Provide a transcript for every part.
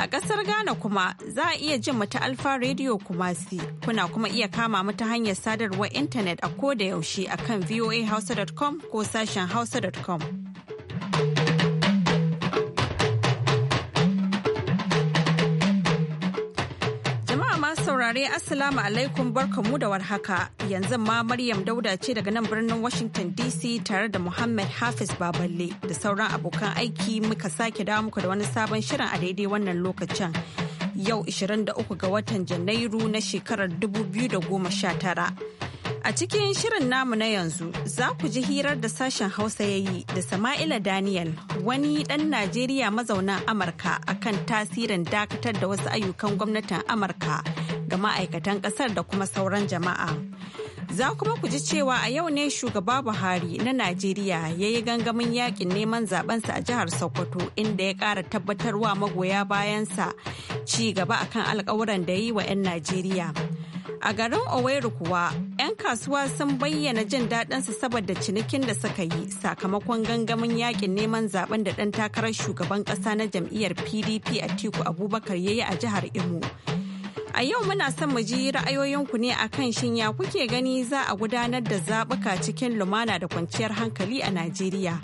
A ƙasar Ghana kuma za a iya jin mu ta Alfa Radio Kumasi. Kuna kuma iya kama mu ta hanyar sadarwar intanet a ko da yaushe kan voahausa.com ko sashen hausa.com. saurare Assalamu alaikum barkamu da warhaka yanzu ma Maryam Dauda ce daga nan birnin Washington DC tare da Muhammad Hafiz Baballe da sauran abokan aiki muka sake dawo muku da wani sabon shirin a daidai wannan lokacin. Yau 23 ga watan Janairu na shekarar 2019. A cikin shirin namu na yanzu za ku ji hirar da sashen Hausa ya yi da Sama'ila Daniel wani ɗan Najeriya mazaunan Amurka akan tasirin dakatar da wasu ayyukan gwamnatin Amurka ga ma'aikatan kasar da kuma sauran jama'a. Za kuma ku ji cewa a yau ne shugaba Buhari na Najeriya ya yi gangamin yakin neman zabensa a jihar Sokoto inda ya ƙara tabbatarwa magoya bayansa ci gaba akan alkawuran da yi wa 'yan Najeriya. A garin Owerri kuwa, 'yan kasuwa sun bayyana jin daɗinsu saboda cinikin da suka yi sakamakon gangamin yakin neman zaben da ɗan takarar shugaban ƙasa na jam'iyyar PDP a Tiku Abubakar ya yi a jihar Imo. A yau muna son mu ji ra'ayoyinku ne akan shin ya kuke gani za a gudanar da zaɓuka cikin lumana da kwanciyar hankali a Najeriya.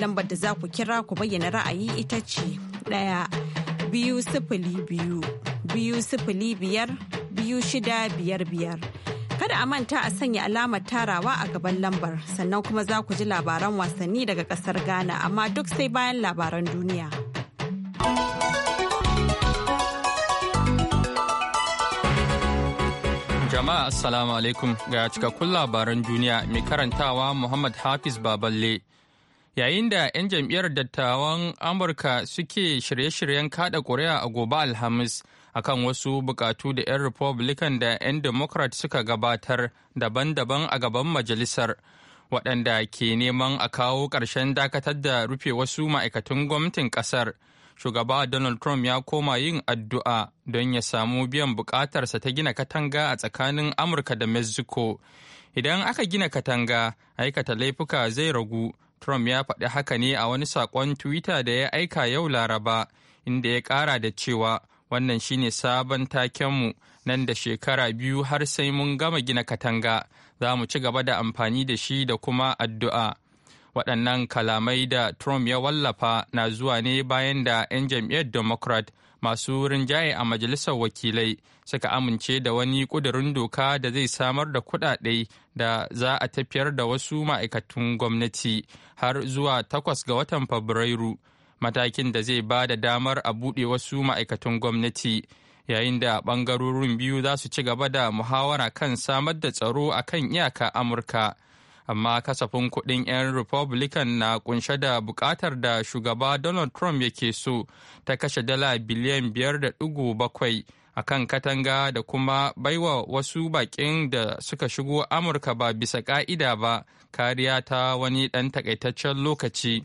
Lambar da za ku kira ku bayyana ra'ayi ita ce ɗaya biyu sifili biyu biyu sifili biyar biyu shida biyar biyar. Kada a manta a sanya alamar tarawa a gaban lambar sannan kuma za ku ji labaran wasanni daga ƙasar Ghana amma duk sai bayan labaran duniya. Jama'a Assalamu alaikum ga cikakkun labaran duniya mai karantawa Muhammad Hafiz Baballe. Yayin da 'yan jam'iyyar dattawan Amurka suke shirye-shiryen kada ƙuri'a a gobe Alhamis akan wasu bukatu da 'yan Republican da 'yan Democrat suka gabatar daban-daban a gaban majalisar. waɗanda ke neman a kawo ƙarshen dakatar da rufe wasu ma'aikatan gwamnatin ƙasar. shugaba Donald Trump ya koma yin addu'a don ya samu biyan bukatarsa ta gina katanga a tsakanin Amurka da Mexico. Idan aka gina katanga, aikata laifuka zai ragu. Trump ya faɗi haka ne a wani saƙon Twitter da ya aika yau Laraba, inda ya ƙara da cewa wannan shine sabon takenmu nan da shekara biyu har sai mun gama gina katanga, za mu ci gaba da amfani da shi da kuma addu'a. waɗannan kalamai da trump ya wallafa na zuwa ne bayan da 'yan jam'iyyar democrat masu rinjaye a majalisar wakilai suka amince da wani ƙudurin doka da zai samar da kuɗaɗe da za a tafiyar da wasu ma'aikatan gwamnati har zuwa takwas ga watan fabrairu matakin da zai ba da damar a buɗe wasu ma'aikatan gwamnati yayin da ɓangarorin biyu za su ci gaba da muhawara kan samar da tsaro a kan iyaka amurka amma kasafin kuɗin 'yan republican na kunshe da buƙatar da shugaba donald trump yake so ta kashe dala biliyan 5.7 a kan katanga da kuma baiwa wasu baƙin da suka shigo amurka ba bisa ƙa'ida ba kariya ta wani ɗan takaitaccen lokaci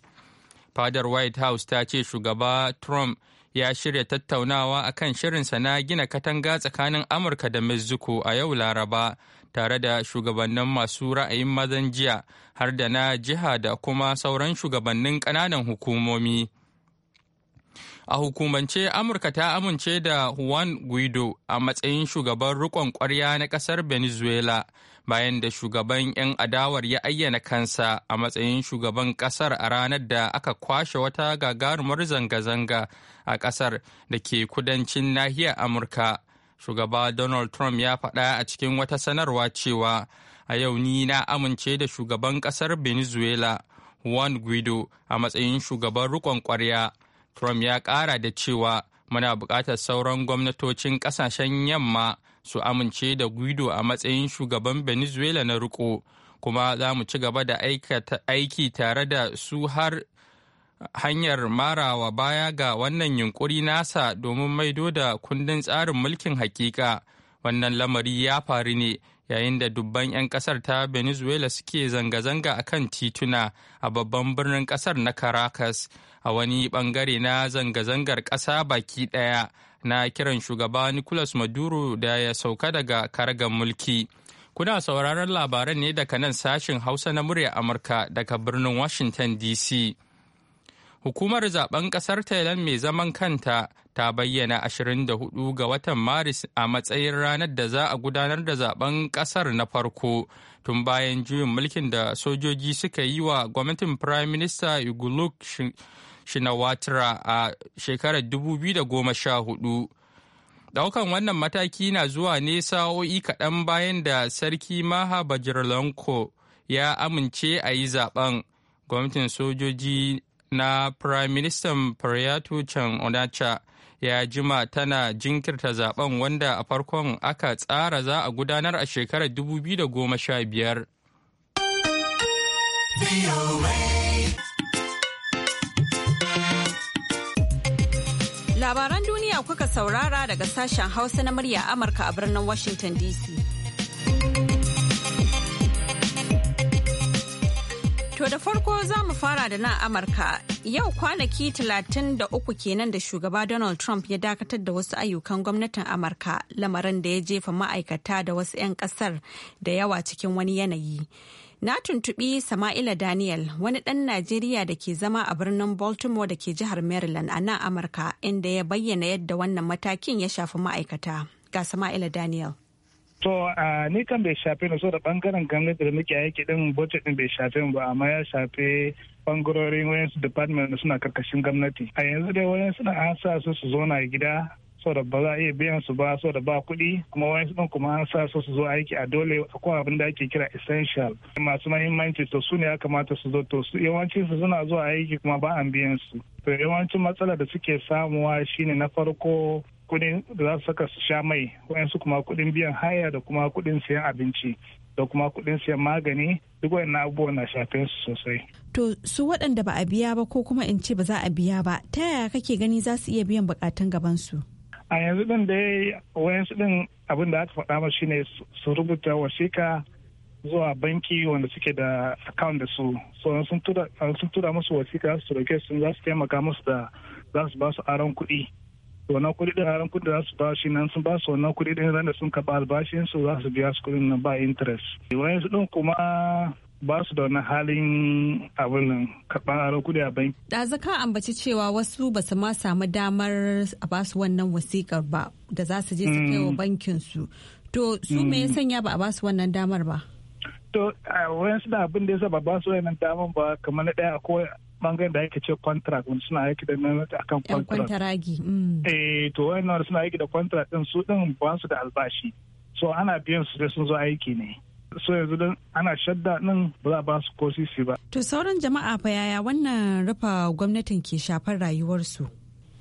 fadar white house ta ce shugaba trump ya shirya tattaunawa akan shirinsa na gina katanga tsakanin amurka da mexico a yau laraba tare da shugabannin masu ra'ayin mazan jiya har da na jiha da kuma sauran shugabannin ƙananan hukumomi. A hukumance Amurka ta amince da Juan Guido a matsayin shugaban riƙon ƙwarya na ƙasar Venezuela bayan da shugaban 'yan adawar ya ayyana kansa a matsayin shugaban ƙasar a ranar da aka kwashe wata gagarumar zanga-zanga a ƙasar da ke kudancin nahiyar Amurka. shugaba donald trump ya faɗa a cikin wata sanarwa cewa a yau ni na amince da shugaban ƙasar venezuela juan guido a matsayin shugaban riƙon ƙwarya trump ya ƙara da cewa muna buƙatar sauran gwamnatocin ƙasashen yamma su amince da guido a matsayin shugaban venezuela na riƙo kuma za mu ci gaba da aiki tare da su har hanyar marawa baya ga wannan yunkuri nasa domin maido da kundin tsarin mulkin hakika wannan lamari ya faru ne yayin da dubban 'yan kasar ta venezuela suke zanga-zanga a kan tituna a babban birnin kasar na caracas a wani bangare na zanga-zangar kasa baki daya na kiran shugaba nicolas maduro da ya sauka daga karagar mulki kuna sauraron labaran ne daga nan sashin hausa na murya amurka daga birnin washington dc Hukumar zaben kasar Thailand mai zaman kanta ta bayyana 24 ga watan Maris a matsayin ranar da za a gudanar da zaben kasar na farko tun bayan juyin mulkin da sojoji suka yi wa gwamnatin Prime Minister Yuguluk Shinawatra a shekarar 2014. daukan wannan mataki na zuwa ne sa'o'i kaɗan bayan da sarki maha bajirlanko ya amince a yi zaben gwamnatin sojoji na Prime Minister Prayatu Chan Onacha ya jima tana jinkirta zaben wanda a farkon aka tsara za a gudanar a shekarar 2015. Labaran duniya kuka saurara daga sashen Hausa na murya Amurka a birnin Washington DC. To da farko za mu fara da nan Amurka. Yau kwanaki talatin da uku kenan da shugaba Donald Trump ya dakatar da wasu ayyukan gwamnatin Amurka lamarin da ya jefa ma'aikata da wasu 'yan kasar da yawa cikin wani yanayi. Na tuntubi Sama'ila Daniel wani ɗan Najeriya da ke zama a birnin Baltimore da ke jihar Maryland a nan Amurka inda ya bayyana yadda wannan matakin ya shafi ma'aikata. Ga Sama'ila Daniel. To ni kan bai shafe na so da bangaren gwamnati da muke aiki din budget din bai shafe ba amma ya shafe bangarorin wayansu department suna karkashin gwamnati. A yanzu dai wayan suna an sa su su zo na gida da ba za a iya biyan su ba da ba kuɗi kuma wayansu kuma an sa su su zo aiki a dole akwai abin da ake kira essential masu mahimmanci to su ne ya kamata su zo to su yawancin su suna zuwa aiki kuma ba an biyan su to yawancin matsalar da suke samuwa shine na farko kuɗin da za su saka su sha mai wayansu kuma kuɗin biyan haya da kuma kuɗin siyan abinci da kuma kuɗin siyan magani duk wayannan abubuwan na shafin su sosai to su waɗanda ba a biya ba ko kuma in ce ba za a biya ba ta yaya kake gani za su iya biyan bukatun gaban su a yanzu din da wayansu din abin da aka faɗa ma shine su rubuta wasika zuwa banki wanda suke da account da su so sun tura musu wasika su roke sun za su taimaka musu da za su ba su aron kuɗi wannan kuɗi din ran kuɗi da su ba shi nan sun ba su wannan kuɗi din ran da sun karɓa albashin su za su biya su kuɗin nan ba interest wayan su din kuma ba su da wani halin abin nan karɓar aron kuɗi a banki. da zaka ambaci cewa wasu ba su ma samu damar a ba su wannan wasikar ba da za su je su kai wa mm. bankin su. To su me ya mm. sanya ba a ba su wannan damar ba? To wayan su da abin da ya sa ba ba su wannan damar ba kamar na ɗaya akwai bangaren da ake ce contract wani suna aiki da nan akan contract mm. eh to wani suna aiki da contract din su din ba su da albashi so ana biyan su sai sun zo aiki ne so yanzu don ana shadda nan ba za a ba su ko sisi ba to sauran jama'a fa yaya wannan rufa gwamnatin ke shafar rayuwarsu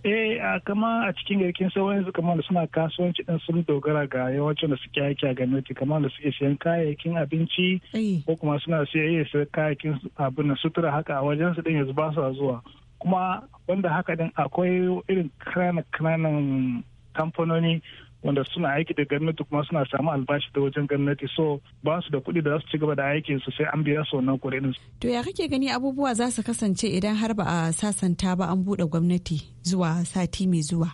eh a kama a cikin garkin sauran yanzu kamar suna kasuwanci din sun dogara ga yawancin da suke aiki a gwamnati kamar da suke siyan kayayyakin abinci ko kuma suna siya kayayyakin abin na sutura haka a wajen su din yanzu ba su zuwa kuma wanda haka din akwai irin kananan kananan kamfanoni wanda suna aiki da gwamnati kuma suna samu albashi da wajen gwamnati so ba su da kuɗi da za su ci gaba da aikin su sai an biya su wannan kuɗin. To ya kake gani abubuwa za su kasance idan har ba a sasanta ba an buɗe gwamnati zuwa sati mai zuwa?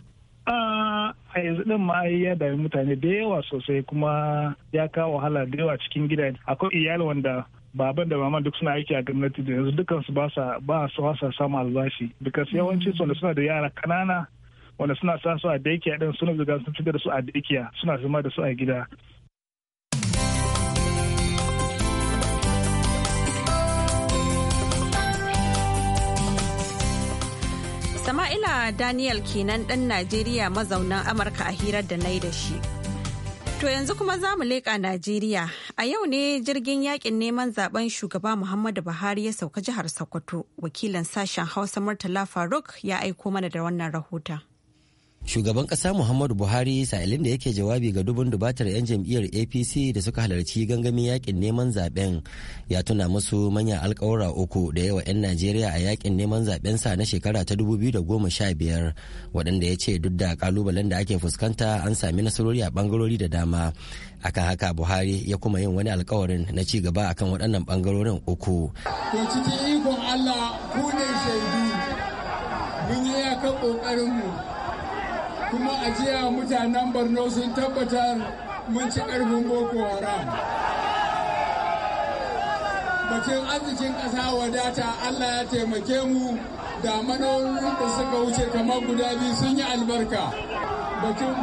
a yanzu din ma ya dami mutane da yawa sosai kuma ya kawo wahala da yawa cikin gida akwai iyali wanda baban da mama duk suna aiki a gwamnati da yanzu dukansu ba sa ba samun albashi because yawanci su suna da yara kanana wanda suna sa su a daycare din suna zuga sun fitar da su a daycare suna zama da su a gida Sama'ila Daniel kenan ɗan Najeriya mazaunan Amurka a hirar da na yi da shi. To yanzu kuma za mu leƙa Najeriya. A yau ne jirgin yaƙin neman zaben shugaba Muhammadu Buhari ya sauka jihar Sokoto. Wakilin sashen Hausa Murtala Faruk ya aiko mana da wannan rahoton. shugaban kasa muhammadu buhari sa'ilin da yake jawabi ga dubun dubatar 'yan jam'iyyar apc da suka halarci gangamin yakin neman zaben ya tuna musu manyan alkawura uku da yawa 'yan najeriya a yakin neman zaben sa na shekara ta 2015 waɗanda ya ce duk da kalubalen da ake fuskanta an sami nasarori a bangarori da dama akan haka buhari ya kuma yin wani alkawarin na ci gaba akan waɗannan bangarorin uku cikin ikon allah ku ne shaidu mun yi akan ƙoƙarinmu kuma a jiya mutanen borno sun tabbatar mun ci karfin boko haram bakin arzikin ƙasa wadata allah ya taimake mu da manomin da suka wuce kamar guda biyu sun yi albarka batun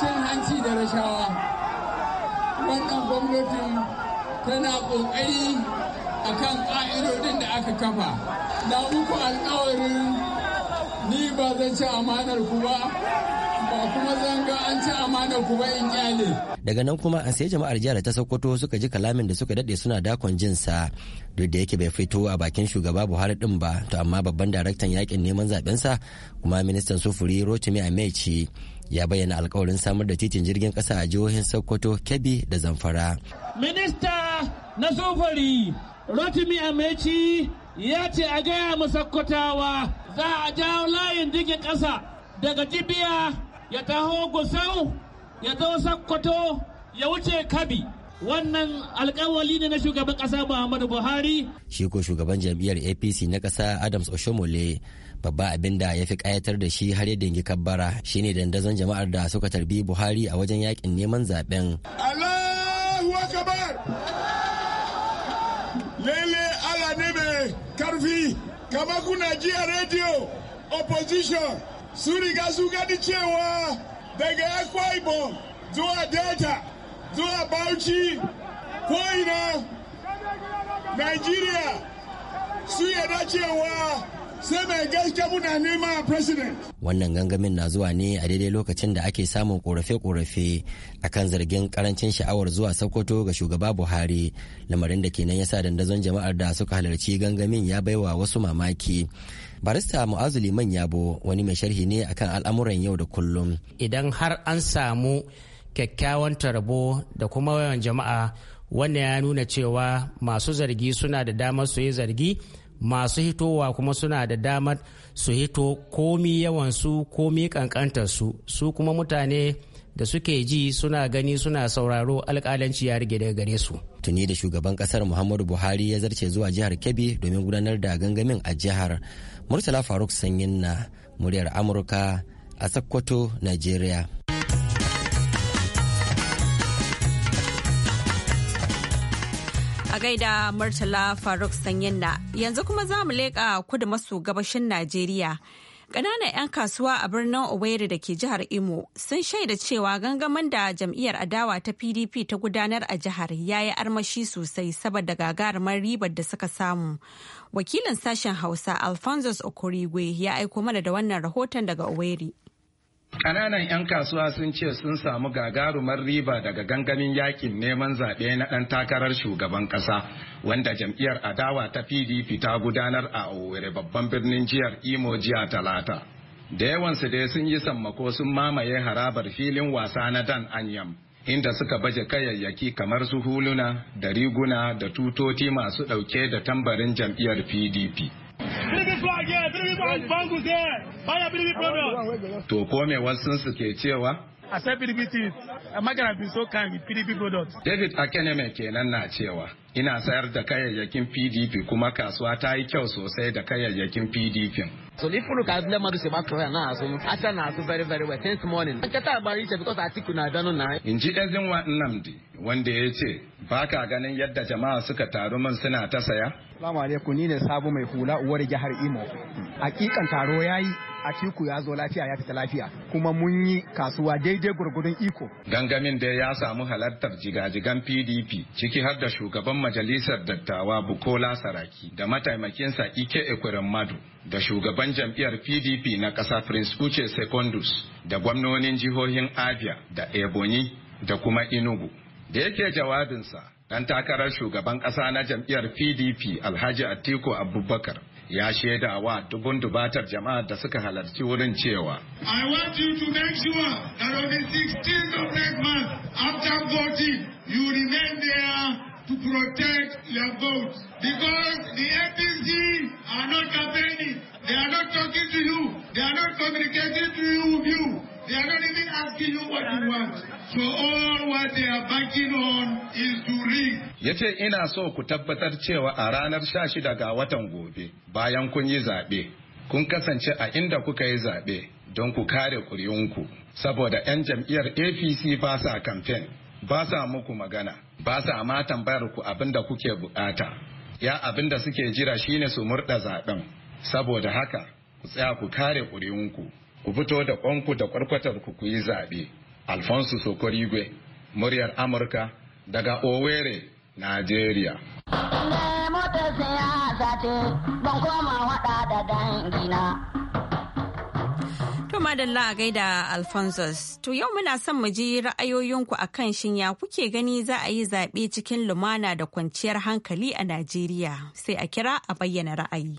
cin hanci da rashawa wannan gwamnatin tana ƙoƙari akan ƙa'idodin da aka kafa na uku alƙawarin ni ba zan ci amanar ku ba ba kuma zan ga an ci amanar ku ba in kyale daga nan kuma an sai jama'ar jihar ta sokoto suka ji kalamin da suka dade suna dakon jinsa duk da yake bai fito a bakin shugaba buhari din ba to amma babban daraktan yakin neman zaben sa kuma ministan sufuri rotimi amechi ya bayyana alkawarin samar da titin jirgin kasa a jihohin sokoto kebbi da zamfara minista na sufuri rotimi amechi ya ce a gaya mu sokotawa za a jawo layin jirgin ƙasa daga jibiya ya taho gusau ya zo sakkwato ya wuce kabi wannan alkawali ne na shugaban ƙasa muhammadu buhari shi ko shugaban jam'iyyar apc na ƙasa adams oshomole babba abin da ya fi kayatar da shi har ya yanki kabbara shine dandazon jama'ar da suka tarbi buhari a wajen yakin neman zaben allahu akbar lele ala ne mai karfi kama kuna ji opposition su riga su cewa daga akwa ibom zuwa delta zuwa bauchi ko'ina nigeria su yada cewa sai mai gaske muna nema a president. Wannan gangamin na zuwa ne a daidai lokacin da ake samun korafe-korafe kan zargin karancin sha'awar zuwa Sokoto ga shugaba Buhari lamarin da kenan ya sa dandazon jama'ar da suka halarci gangamin ya baiwa wasu mamaki. barista mu'azu liman yabo wani mai sharhi ne akan al'amuran yau da kullum idan har an samu kyakkyawan tarbo da kuma wayan jama'a wannan ya nuna cewa masu zargi suna da damar su yi zargi masu hitowa kuma suna da damar su hito komi yawansu komi kankantarsu su kuma mutane da suke ji suna gani suna sauraro alkalanci ya rige daga gare su. Tuni da shugaban kasar Muhammadu Buhari ya zarce zuwa jihar Kebbi domin gudanar da gangamin a jihar. Murtala Faruk Sanyin na muryar Amurka a Sokoto, nigeria. gaida Murtala Faruk Sanyinna. Yanzu kuma za mu leƙa kudu maso gabashin Najeriya. Ƙananan 'yan kasuwa a birnin Owerri da ke jihar Imo sun shaida cewa gangamin da jam'iyyar adawa ta PDP ta gudanar a jihar ya yi armashi sosai saboda gagarumar ribar da suka samu. Wakilin sashen Hausa Alphonsus Okorigwe ya aiko mana da wannan rahoton daga Owerri. Ƙananan 'yan kasuwa sun ce sun samu gagarumar riba daga gangamin yakin neman zaɓe na ɗan takarar shugaban ƙasa wanda jam'iyyar adawa ta PDP ta gudanar a Owerri babban birnin jihar Imo jiya Talata. Da yawansu dai sun yi sammako sun mamaye harabar filin wasa na Dan Anyam. Inda suka baje kayayyaki kamar su huluna da riguna da tutoti masu ɗauke da tambarin jam'iyyar PDP. To ko me wasu ke cewa? sai PDP things Magana bin so kind with PDP products. David Akeneme kenan na cewa ina sayar da kayayyakin PDP kuma kasuwa ta yi kyau sosai da kayayyakin PDP. So if you look at the market back right now, so Asha na do very very well since morning. I can't about it because I think na dano na. In ji Ezinwa Nnamdi wanda ya ce ba ka ganin yadda jama'a suka taru min suna ta saya. Salamu alaikum ni ne sabu mai hula uwar jihar Imo. Hakikan taro yayi Atiku ya zo lafiya ya fita lafiya kuma mun yi kasuwa daidai gurgurun iko. Gangamin da ya samu halartar jigajigan PDP ciki har da shugaban majalisar dattawa Bukola Saraki da mataimakinsa Ike Ekwerem Madu da shugaban jam'iyyar PDP na ƙasa Prince Uche Secondus da gwamnonin jihohin Abia da Ebonyi da kuma Enugu. Da yake jawabinsa, ɗan takarar shugaban ƙasa na jam'iyyar PDP Alhaji Atiku Abubakar ya shaida wa dubun dubatar jama'a da suka halarci wurin cewa I want you to make sure that on the 16th of next month after voting you remain there to protect your vote. because the APC are not campaigning they are not talking to you they are not communicating to you They are not even asking you what you want. So all what they are banking on is to rig. Ya ina so ku tabbatar cewa a ranar sha shida ga watan gobe bayan kun yi zaɓe, kun kasance a inda kuka yi zaɓe don ku kare ƙuri'unku. Saboda 'yan jam'iyyar APC ba sa kamfen, ba sa muku magana, basa sa ma ku abin da kuke buƙata Ya abin da suke jira shine su murɗa zaɓen. Saboda haka, ku tsaya ku kare ƙuri'unku. ku fito da ƙwanku da kwarkwatar ku kuyi yi zaɓe alfonso sokorigwe muryar amurka daga owerri nigeria da madalla a gaida alphonsus to yau muna son mu ji ra'ayoyinku a kan shinya kuke gani za a yi zaɓe cikin lumana da kwanciyar hankali a najeriya sai a kira a bayyana ra'ayi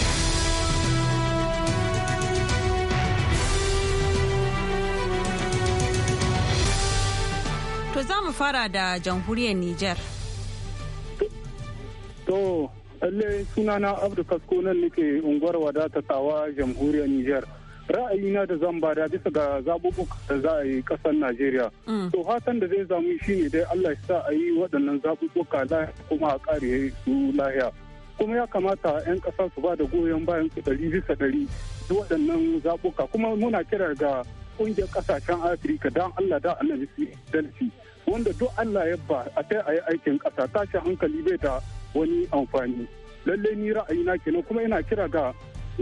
mu fara da jamhuriyar Nijar. To, lalle sunana Abdu Kasko nan nake unguwar wadatatawa tawa jamhuriyar Nijar. Ra'ayina da zan bada bisa ga zaɓuɓɓuka da za a yi ƙasar Najeriya. Mm. To, fatan da zai zamu shi ne dai Allah ya sa a yi waɗannan zaɓuɓɓuka lahiya kuma a ƙare su lahiya. kuma ya kamata 'yan ƙasa su ba da goyon bayan su ɗari bisa ɗari da waɗannan zabuka kuma muna kira ga ƙungiyar ƙasashen afirka don allah da annabi su yi wanda duk Allah ya ba a ta a yi aikin ƙasa tashi hankali bai da wani amfani lallai ni ra'ayina kenan kuma ina kira ga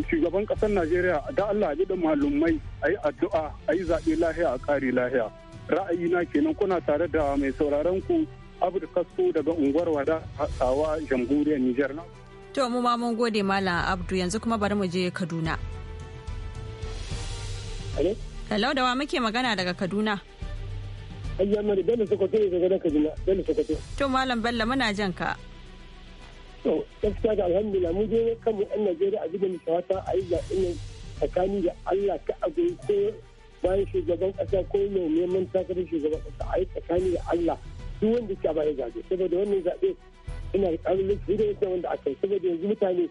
shugaban ƙasar Najeriya da Allah ya da malumai a yi addu'a a yi zaɓe lahiya a ƙari lahiya ra'ayina kenan kuna tare da mai sauraron ku Abdu kasu daga unguwar Wada Tsawa Jamhuriyar Nijar na. To mu ma mun gode Malam Abdu yanzu kuma bari mu je Kaduna. Hello da wa muke magana daga Kaduna? Hajiya Mari Bello Sokoto ne daga nan Kaduna Bello Sokoto. To Malam Bello muna jan ka. To gaskiya da alhamdulillah mu je kan mu ɗan Najeriya a duba misawata a yi zaɓen nan tsakani da Allah ta abu ko bayan shugaban ƙasa ko mai neman takarar shugaban ƙasa a yi tsakani da Allah duk wanda ke ba ya zaɓe saboda wannan zaɓe ina da ƙarin su da yadda wanda aka yi saboda yanzu mutane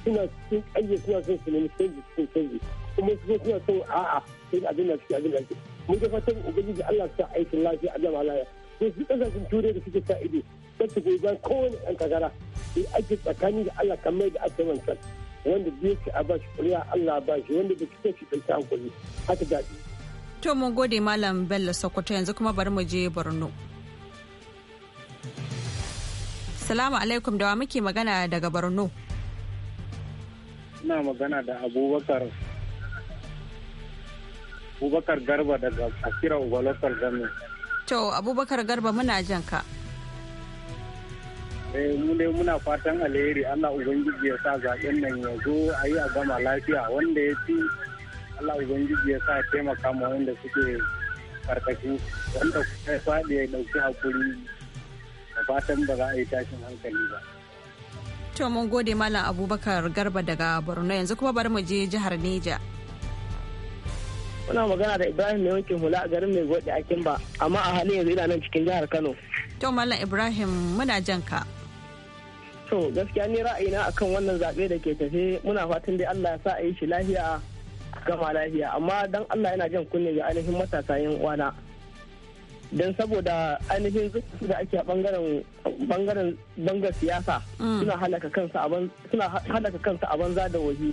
suna cikin ƙayyar suna son su nemi canji cikin canji kuma suna son a'a sai abin da suke abin da suke mun ga fatan ubangiji Allah ta aikin lafiya a jama'a lafiya to duk kasashen turai da suke sa ido da su goyi kowanne kowane ɗan kagara sai ake tsakani da Allah kan mai da aka wancan wanda biyu shi a ba shi kuriya Allah ba shi wanda da kike shi kanta hankali haka daɗi. To mun gode Malam Bello Sokoto yanzu kuma bari mu je Borno. Salamu alaikum da wa muke magana daga Borno. Ina magana da Abubakar abubakar garba daga akira ubalokar gami to abubakar garba muna jan ka eh mune muna fatan alheri allah ubangiji ya sa zaben nan ya zo a yi a gama lafiya wanda ya ci allah ubangiji ya sa taimaka ma wanda suke karkashi wanda kuma ya faɗi ya ɗauki hakuri da fatan ba za a yi tashin hankali ba To mun gode Malam Abubakar Garba daga Borno yanzu kuma bari mu je jihar Neja. muna magana da ibrahim mai wankin hula a garin mai gode a kimba amma a halin yanzu ina nan cikin jihar kano to mallam ibrahim muna jan ka to gaskiya ni ra'ayina akan wannan zaɓe da ke tafe muna fatan dai allah ya sa a yi shi lafiya gama lafiya amma dan allah yana jan kunne ga ainihin matasa yin uwana don saboda ainihin zuku da ake a bangaren bangaren bangar siyasa mm. suna halaka kansa a banza da wahi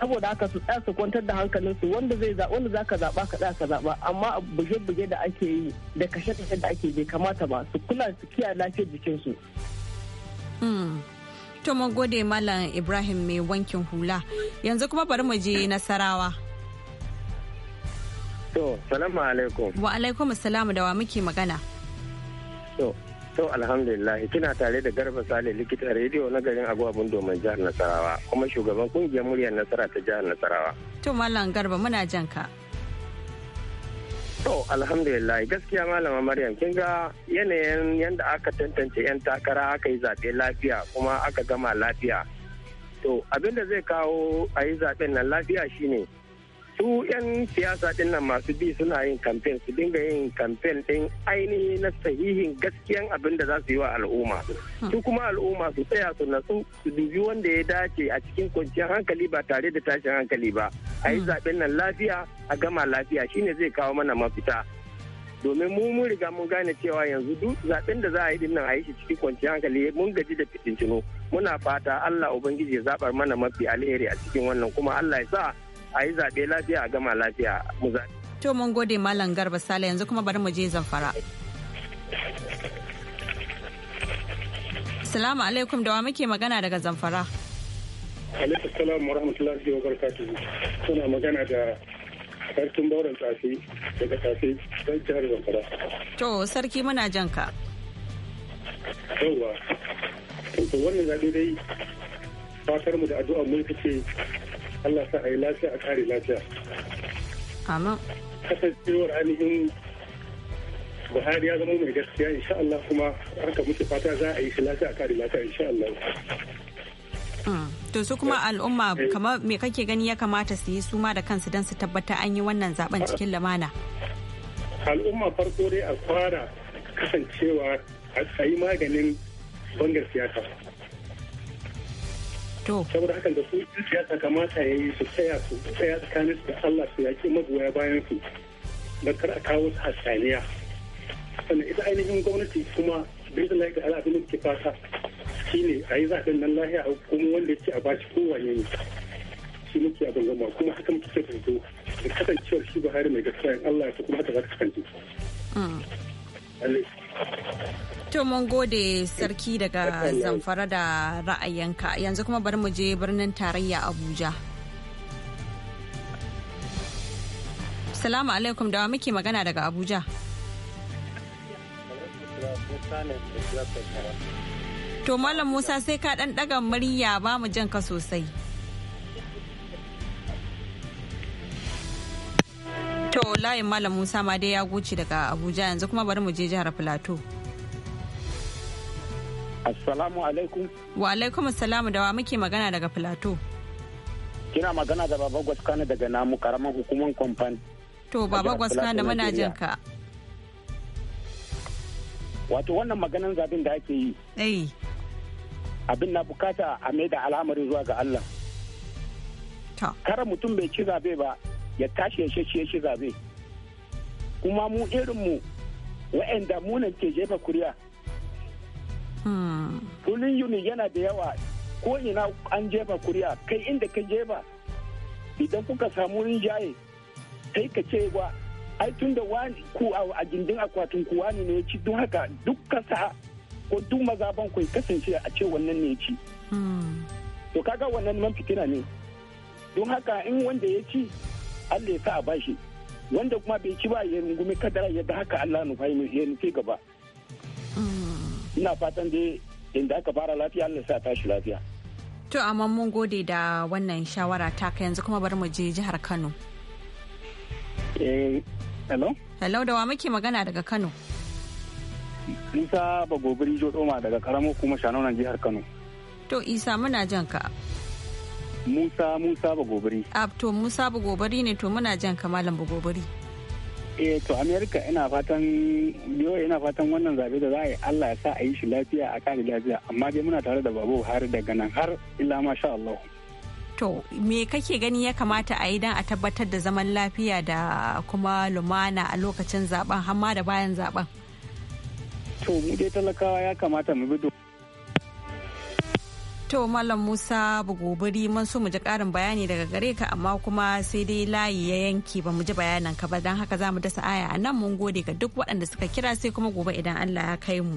saboda haka su tsaya su kwantar da hankalin su wanda zai za wanda zaka zaba ka tsaya ka zaba amma buge-buge da ake yi da kashe-kashe da ake bai kamata ba su kula su kiyaye lafiyar su. Hmm. To mun gode Malam Ibrahim mai wankin hula yanzu kuma bari mu je Nasarawa. To, salamu alaikum. Wa alaikum salamu da wa muke magana. To alhamdulillah kina tare da Garba Sale likita rediyo na garin Agwabun domin jihar Nasarawa kuma shugaban kungiyar muryar Nasara ta jihar Nasarawa. To Mallam Garba muna jan ka. To alhamdulillah gaskiya Malama Maryam kin ga yanayin yanda aka tantance 'yan takara aka yi zaɓe lafiya kuma aka gama lafiya. To abin da zai kawo a yi zaɓen nan lafiya shine su 'yan siyasa din nan masu bi suna yin kamfen su dinga yin kamfen din ainihi na sahihin gaskiyan abin da za su yi wa al'umma su kuma al'umma su tsaya su nasu su dubi wanda ya dace a cikin kwanciyar hankali ba tare da tashin hankali ba a yi hmm. zaɓen nan lafiya a gama lafiya shine zai kawo mana mafita domin mu mun riga mun gane cewa yanzu duk zaɓen da za a yi din nan a yi shi cikin kwanciyar hankali mun gaji da fitincino muna fata Allah ubangiji ya zaɓar mana mafi alheri a cikin wannan kuma Allah ya sa a yi zaɓe lafiya a gama lafiya mu zaɓe. To mun gode Malam Garba Sale yanzu kuma bari mu je Zamfara. Salamu alaikum da wa muke magana daga Zamfara. Alaikum salam wa rahmatullahi wa barakatuhu. Suna magana da sarkin bauran tafi daga tafi don jihar Zamfara. To sarki muna jan ka. Yawwa. To wannan zaɓe dai fatar mu da addu'a mun ce. Allah sa a yi lafiya a kare lafiya. Amin. Kasancewar ainihin Buhari ya zama mai gaskiya insha Allah kuma haka mutu fata za a yi shi lafiya a kare lafiya insha Allah. Hmm. To su kuma al'umma kamar me kake gani ya kamata su yi suma da kansu don su tabbata an yi wannan zaben cikin lamana. Al'umma farko dai a fara kasancewa a yi maganin bangar siyasa. saboda haka da su siyasa kamata ya yi su tsaya su tsaya tsakanin su da Allah su yaki magoya bayan su da kar a kawo su hasaniya sannan ita ainihin gwamnati kuma bizin laika ala abin da fata ne a yi zaɓen nan lahiya a kuma wanda ce a bashi kowane ne shi muke a bangama kuma haka muke ce fito da kasancewar shi Buhari mai gaskiya in Allah ya kuma haka za ta kasance. Mm. To mun gode sarki daga zamfara da ra'ayinka yanzu kuma bari mu je birnin tarayya Abuja. Salamu alaikum da muke magana daga Abuja. To Malam Musa sai ka ɗan ɗaga murya ba mu jan ka sosai. To layin Malam Musa ma dai ya goce daga Abuja yanzu kuma bari mu je jihar Plateau. Assalamu alaikum. Wa alaikum assalamu da wa muke magana daga Filato. Kina magana da Baba Gwaskana daga namu karamar hukumar kwamfan. To Baba Gwaskana muna jin ka. Wato wannan maganan zabin da ake yi. Eh. Abin na bukata a mai da al'amari zuwa ga Allah. Ta. Kara mutum bai ci zabe ba ya tashi ya ya shi zabe. Kuma mu irin mu wa'anda munan ke jefa kuriya. kulin yuni yana da yawa ko ina an jefa kuri'a kai inda ka jefa idan kuka samu rinjaye kai ka ce wa ai tun da wani ku a gindin akwatin ku wani ne ci don haka duk kasa ko duk mazaban ku kasance a ce wannan ne ci. To kaga wannan man fitina ne. Don haka in wanda ya ci Allah ya sa a bashi wanda kuma bai ci ba ya rungume kadara yadda haka Allah nufa ya nufi gaba. ina fatan dai inda aka fara lafiya Allah sa tashi lafiya to amma mun gode da wannan shawara ta kai yanzu kuma bari mu je jihar Kano eh hello hello da wa muke magana daga Kano Isa Bagobiri Jodoma daga Karamo kuma Shanonan jihar Kano to Isa muna jan ka Musa Musa Bagobiri. Ab ah, to Musa Bagobiri ne to muna jan ka malam Bagobiri. eh to Amerika ina fatan yo ina fatan wannan zabe da za a yi allah ya sa a yi shi lafiya a kare lafiya amma dai muna tare da babu har daga nan har illa masha allah to me kake gani ya kamata a yi don a tabbatar da zaman lafiya da kuma lumana a lokacin zaben ma da bayan zaben to mu dai talakawa ya kamata mu bi To mallam Musa Buguburi mun so mu ji karin bayani daga gare ka amma kuma sai dai layi ya yanki ba mu ji bayanan ka ba don haka za mu dasa aya a nan mun gode ga duk waɗanda suka kira sai kuma gobe idan Allah ya kai mu.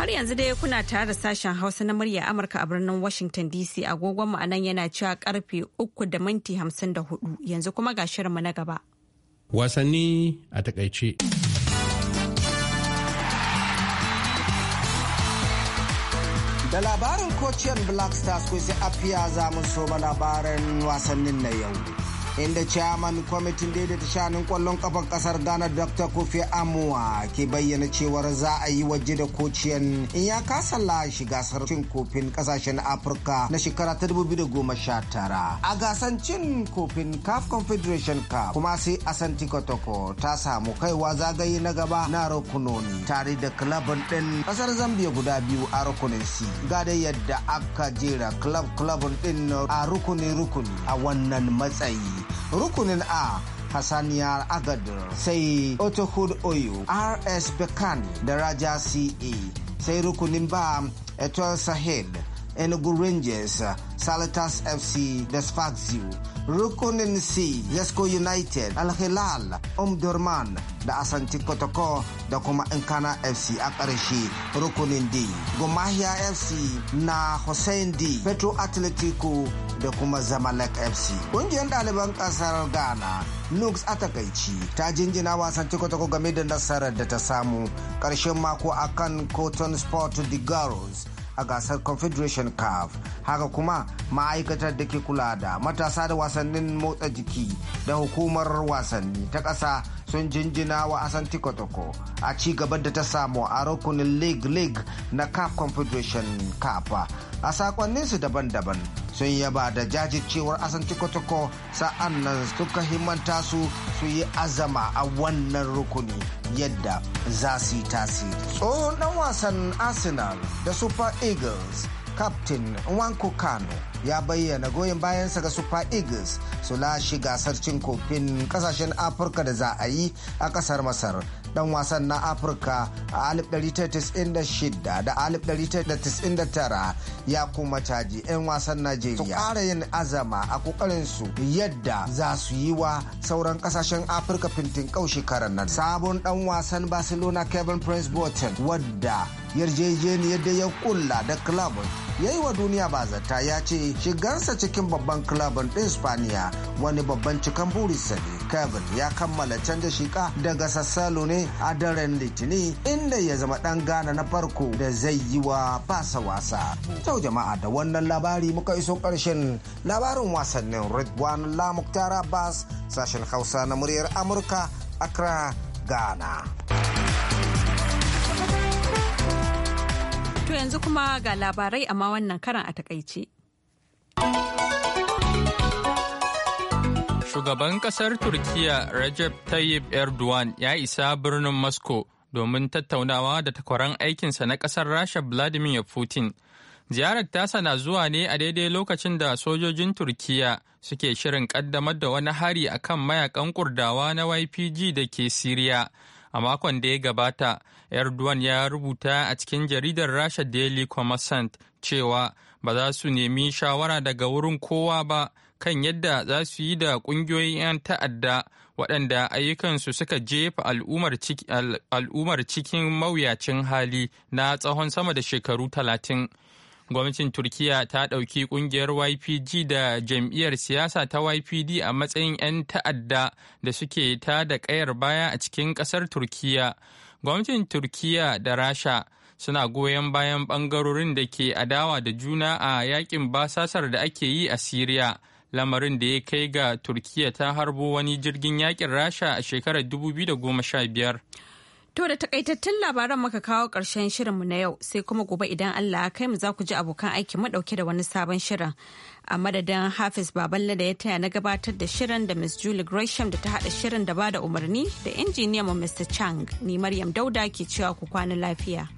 Har yanzu dai kuna tare da sashen Hausa na murya Amurka a birnin Washington DC agogon mu anan yana cewa karfe uku da minti hamsin da hudu yanzu kuma ga shirinmu na gaba. Wasanni a takaice. Da labarin kociyar Black Stars sai afiya za mu soma labarin wasannin na yau. inda chairman kwamitin daidaita shanin kwallon kafar kasar ghana dr kofi amuwa ke bayyana cewar za a yi waje da kociyan in ya kasa lashe gasar cin kofin kasashen afirka na shekara ta 2019 a gasan cin kofin caf confederation cup kuma sai asanti kotoko ta samu kaiwa zagaye na gaba na rukunoni tare da kilabin din kasar zambia guda biyu a rukunin ga da yadda aka jera club kilabin din a rukuni rukuni a wannan matsayi rukunin a hassaniyar agadir sai otohud oyo rs Pekan da raja ce sai rukunin ba etuwar sahel enugu rangers Salatas FC da Sfaxio, rukunin C, Yesco United, Al-Hilal, Omdurman da Asanti Kotoko da kuma Nkana FC a ƙarshe rukunin D. Gomahia FC na Hussein D, Petro Atletico da kuma Zamalek FC. Ƙungiyar ɗaliban ƙasar Ghana, Nux a takaici, ta jinjina wasan Tikotoko game da nasarar da ta samu ƙarshen mako akan Cotton Sport The Girls. a gasar confederation cup haka kuma ma'aikatar da ke kula da matasa da wasannin motsa jiki da hukumar wasanni ta ƙasa sun jinjina wa a ci gaban da ta samu a rukunin league league na cup confederation cup a sakonninsu daban-daban sun yaba da jajircewar asan tikotoko sa'an nan suka himanta su su yi azama a wannan rukuni yadda za su yi tasiri tsohon dan wasan arsenal da super eagles captain wanko Kano ya bayyana goyon bayansa ga Super Eagles su lashe gasar cin kofin kasashen Afirka da za a yi a kasar Masar dan wasan na afirka a 1996 da 1999 ya kuma caji 'yan wasan najeriya su ƙara yin azama a su yadda za su yi wa sauran kasashen afirka fintin kau shekarar nan sabon dan wasan barcelona kevin prince boateng wadda yarjejeniyar da ya kulla da klabin ya yi wa duniya ba zata, ya ce shigarsa cikin babban klabin din spaniya wani babban cikan burisa ne kevin ya kammala canza shika daga sassalo ne a daren litini inda ya zama dan gana na farko da zai yi wa basa wasa sau jama'a da wannan labari muka iso karshen labarin wasannin ridwan lamuktar abbas sashen hausa na muryar amurka accra ghana To yanzu kuma ga labarai amma wannan karan a takaice. Shugaban kasar Turkiyya Recep Tayyip Erdogan ya isa birnin Moscow domin tattaunawa da takwaran aikinsa na kasar Rasha Vladimir Putin. Ziyarar tasa na zuwa ne a daidai lokacin da sojojin Turkiyya suke shirin kaddamar da wani hari a kan mayakan kurdawa na YPG da ke Siriya. a makon da ya gabata erdogan ya rubuta a cikin jaridar rasha daily commerce cewa ba za su nemi shawara daga wurin kowa ba kan yadda za su yi da ƙungiyoyin 'yan ta'adda waɗanda ayyukansu suka jefa al'ummar cikin mawuyacin hali na tsawon sama da shekaru talatin. Gwamnatin Turkiya ta ɗauki ƙungiyar YPG da jam'iyyar siyasa ta YPD a matsayin 'yan ta'adda da suke ta da ƙayar baya a cikin ƙasar Turkiya. Gwamnatin Turkiya da Rasha suna goyon bayan ɓangarorin da ke adawa da juna a yakin basasar da ake yi a Siriya. lamarin da ya kai ga turkiya ta harbo wani jirgin yakin rasha a shekarar 2015 To da takaitattun labaran muka kawo ƙarshen shirinmu na yau sai kuma gobe idan Allah ya kai mu za ku ji abokan aiki mu da wani sabon shirin. A madadin Hafiz Baballe da ya taya na gabatar da shirin da Miss Julie Gresham da ta haɗa shirin da ba da umarni da injiniyan mu Mr. Chang ni Maryam Dauda ke cewa ku kwana lafiya.